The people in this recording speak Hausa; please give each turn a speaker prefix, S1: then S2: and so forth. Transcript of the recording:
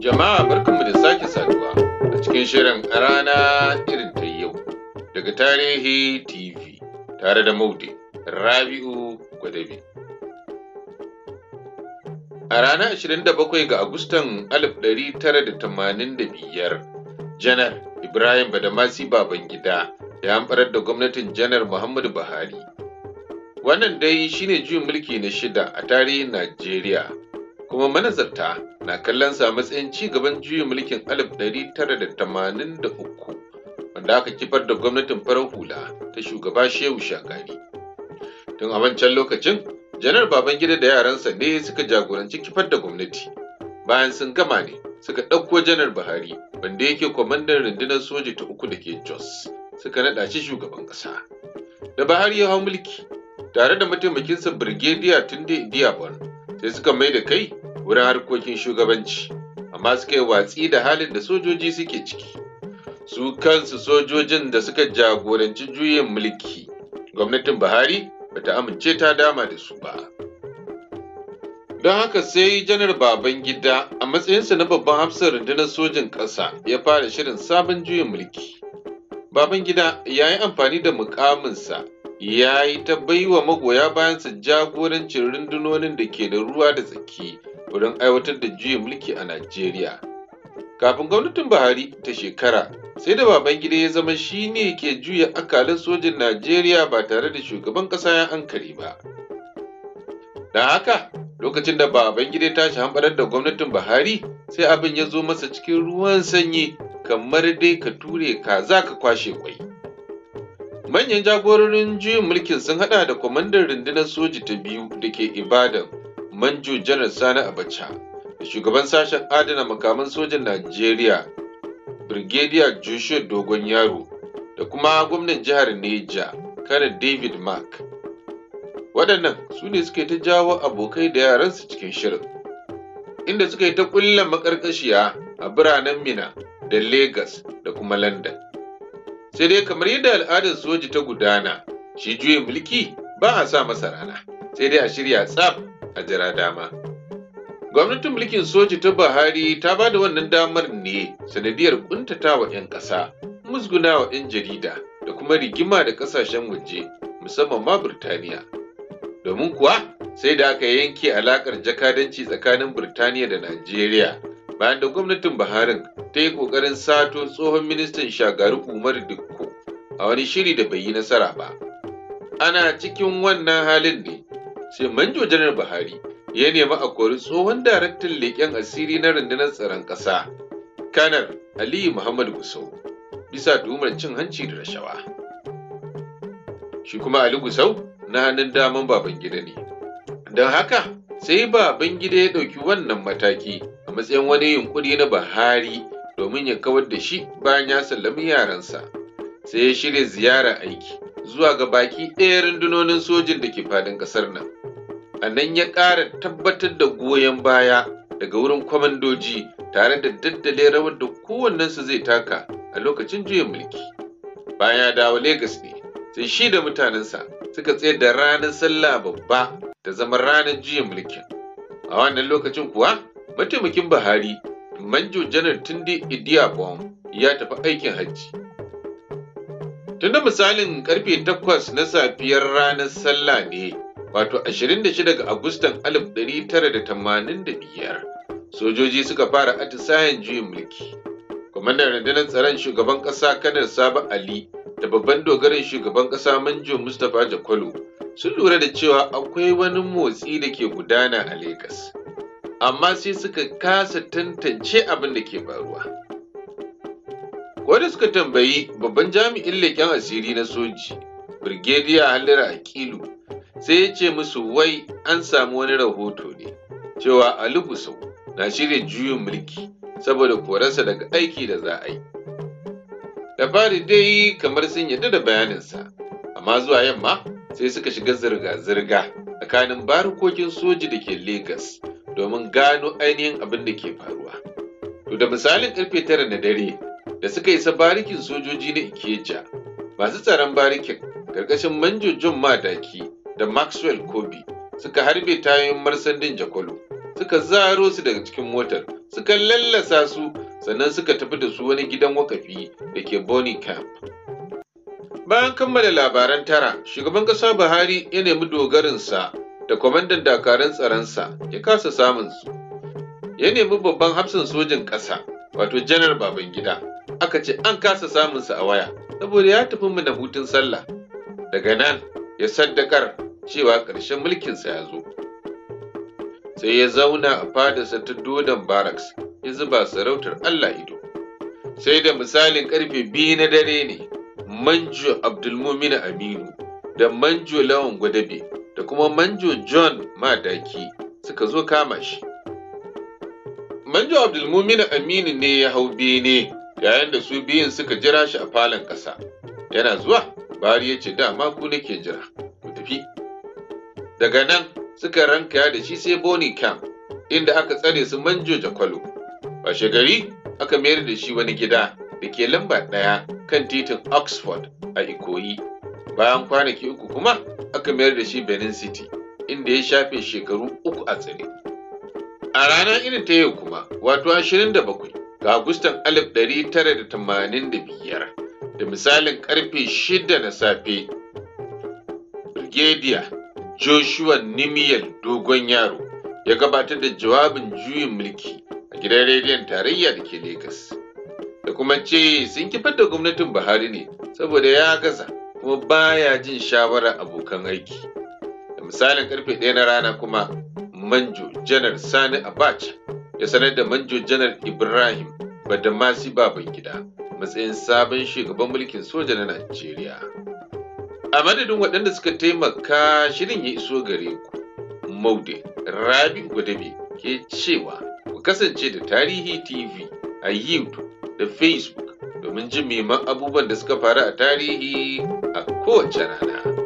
S1: Jama'a barkanmu da sake saduwa a cikin shirin a rana irin ta yau daga tarihi TV tare da Maude Rabi'u Gwadabi. A ranar 27 ga Agustan 1985, Janar Ibrahim Badamasi Babangida ya amfarar da gwamnatin Janar Muhammadu Buhari. Wannan dai shine juyin mulki na shida a tarihin Najeriya. kuma manazarta na kallon sa matsayin ci gaban juyin mulkin 1983 wanda aka kifar da gwamnatin farar hula ta shugaba Shehu Shagari. Tun a wancan lokacin, Janar baban gida da yaransa ne suka jagoranci kifar da gwamnati. Bayan sun gama ne, suka ɗauko Janar Buhari, wanda yake kwamandan rundunar soja ta uku da ke Jos, suka naɗa shi shugaban ƙasa. Da Buhari ya hau mulki, tare da mataimakinsa Birgediya Tunde Diabon, sai suka mai da kai wurin harkokin shugabanci amma suka yi watsi da halin da sojoji suke ciki su kansu sojojin da suka jagoranci juyin mulki gwamnatin buhari bata amince ta dama da su ba don haka sai janar Babangida a matsayinsa na babban hafsar rundunar sojin ƙasa ya fara shirin sabon juyin mulki baban gida ya yi amfani da mukaminsa ya yi ta baiwa magoya bayansa jagorancin rundunonin da ke da ruwa da tsaki wurin aiwatar da juyin mulki a Najeriya. Kafin gwamnatin Buhari ta shekara, sai da Babangida ya zama shi ne ke juya akalin sojin Najeriya ba tare da shugaban ƙasa ya ankari ba. Don haka, lokacin da Babangida ya tashi hanɓarar da gwamnatin Buhari, sai abin ya zo masa cikin ruwan sanyi kamar dai ka ture ka za ka kwashe kwai. Manyan jagororin juyin mulkin sun haɗa da kwamandan rundunar soji ta biyu da ke Ibadan, manjo janar sani abacha da shugaban sashen adana makaman sojan najeriya brigadier joshua dogon yaro da kuma gwamnan jihar neja kanar david mark waɗannan su ne suke ta jawo abokai da yaransu cikin shirin inda suka yi ta ƙulla maƙarƙashiya a biranen mina da lagos da kuma london sai dai kamar yadda al'adar soji ta gudana shi juye mulki ba a sa masa rana sai dai a shirya tsaf a jira dama. Gwamnatin mulkin soji ta Buhari ta ba da wannan damar ne sanadiyar kuntatawa 'yan ƙasa, musgunawa 'yan jarida da kuma rigima da ƙasashen waje musamman ma Birtaniya. Domin kuwa sai da aka yanke alaƙar jakadanci tsakanin Birtaniya da Najeriya bayan da gwamnatin Buhari ta yi ƙoƙarin sato tsohon ministan shagaru Umar Dikko a wani shiri da bai yi nasara ba. Ana cikin wannan halin ne sai manjo janar buhari ya nemi a kori tsohon daraktan leƙen asiri na rundunar tsaron ƙasa kanar aliyu muhammad gusau bisa tuhumar cin hanci da rashawa shi kuma ali gusau na hannun daman baban gida ne don haka sai baban gida ya ɗauki wannan mataki a matsayin wani yunkuri na buhari domin ya kawar da shi bayan ya sallami yaransa sai ya shirya ziyara aiki zuwa ga baki ɗaya rundunonin sojin da ke faɗin ƙasar nan a nan ya ƙara tabbatar da goyon baya daga wurin kwamandoji tare da daddale rawar da kowannensu zai taka a lokacin juyin mulki bayan ya dawo Legas ne sai shi da mutanensa suka tsaye da ranar sallah babba ta zama ranar juyin mulkin a wannan lokacin kuwa mataimakin buhari manjo janar tunde idiyabon ya tafi aikin hajji tunda misalin karfe takwas na safiyar ranar sallah ne wato 26 ga Agustan 1985 sojoji suka fara atisayen juyin mulki. Kwamandan rundunar tsaron shugaban ƙasa kanar Sabu Ali da babban dogarin shugaban ƙasa Manjo Mustapha Jakwalo sun lura da cewa akwai wani motsi da ke gudana a Legas. Amma sai suka kasa tantance abin da ke faruwa. Wanda suka tambayi babban jami'in leƙen asiri na soji, Birgediya Halira Akilu sai ya ce musu wai an samu wani rahoto ne cewa Ali na shirya juyin mulki saboda korarsa daga aiki da za a yi. Da fari dai kamar sun yadda da bayaninsa, amma zuwa yamma sai suka shiga zirga-zirga tsakanin barikokin soji da ke Legas domin gano ainihin abin da ke faruwa. To da misalin karfe tara na dare da suka isa barikin sojoji na Ikeja, masu tsaron barikin ƙarƙashin manjojin John da Maxwell Kobe suka harbe tayoyin marsandin Jakolo, suka zaro su daga cikin motar, suka lallasa su sannan suka tafi da su wani gidan wakafi da ke Bonny Camp. Bayan kammala labaran tara, shugaban ƙasa Buhari ya nemi dogarinsa da kwamandan dakarun tsaronsa ya kasa samun su. Ya nemi babban hafsan sojin ƙasa, wato janar baban gida aka ce an kasa samunsa a waya, saboda ya tafi mu na hutun sallah. Daga nan ya saddakar cewa ƙarshen mulkinsa ya zo. Sai ya zauna a fadarsa ta dodon barracks ya zuba sarautar Allah ido. Sai da misalin ƙarfe biyu na dare ne, Manjo Abdulmumin Aminu da Manjo Lawan Gwadabe da kuma Manjo John Madaki suka zo kama shi. Manjo Abdulmumin Aminu ne ya hau bene yayin da su biyun suka jira shi a falon ƙasa. Yana zuwa, bari ya ce dama ku nake jira. daga nan suka ranka da shi sai boni camp inda aka tsare su manjo jakwalo washe gari aka mayar da shi wani gida da ke lamba ɗaya kan titin oxford a ikoyi bayan kwanaki uku kuma aka mayar da shi benin city inda ya shafe shekaru uku a tsare a ranar irin ta yau kuma wato 27 ga agustan 1985 da misalin karfe shida na safe brigadier Joshua Nimiyar Dogon Yaro ya gabatar da jawabin juyin mulki a gidan rediyon tarayya da ke Legas. Da kuma ce sun kifar da gwamnatin Buhari ne saboda ya gaza kuma baya jin shawarar abokan aiki. Da misalin karfe ɗaya na rana kuma Manjo Janar Sani Abacha ya sanar da Manjo Janar Ibrahim Badamasi Babangida matsayin sabon shugaban mulkin soja na Najeriya. A madadin waɗanda suka taimaka shirin ya iso gare ku, Maude Rabi Gwadabe ke cewa ku kasance da Tarihi TV a YouTube da Facebook domin jin meman abubuwan da suka faru a tarihi a kowace rana.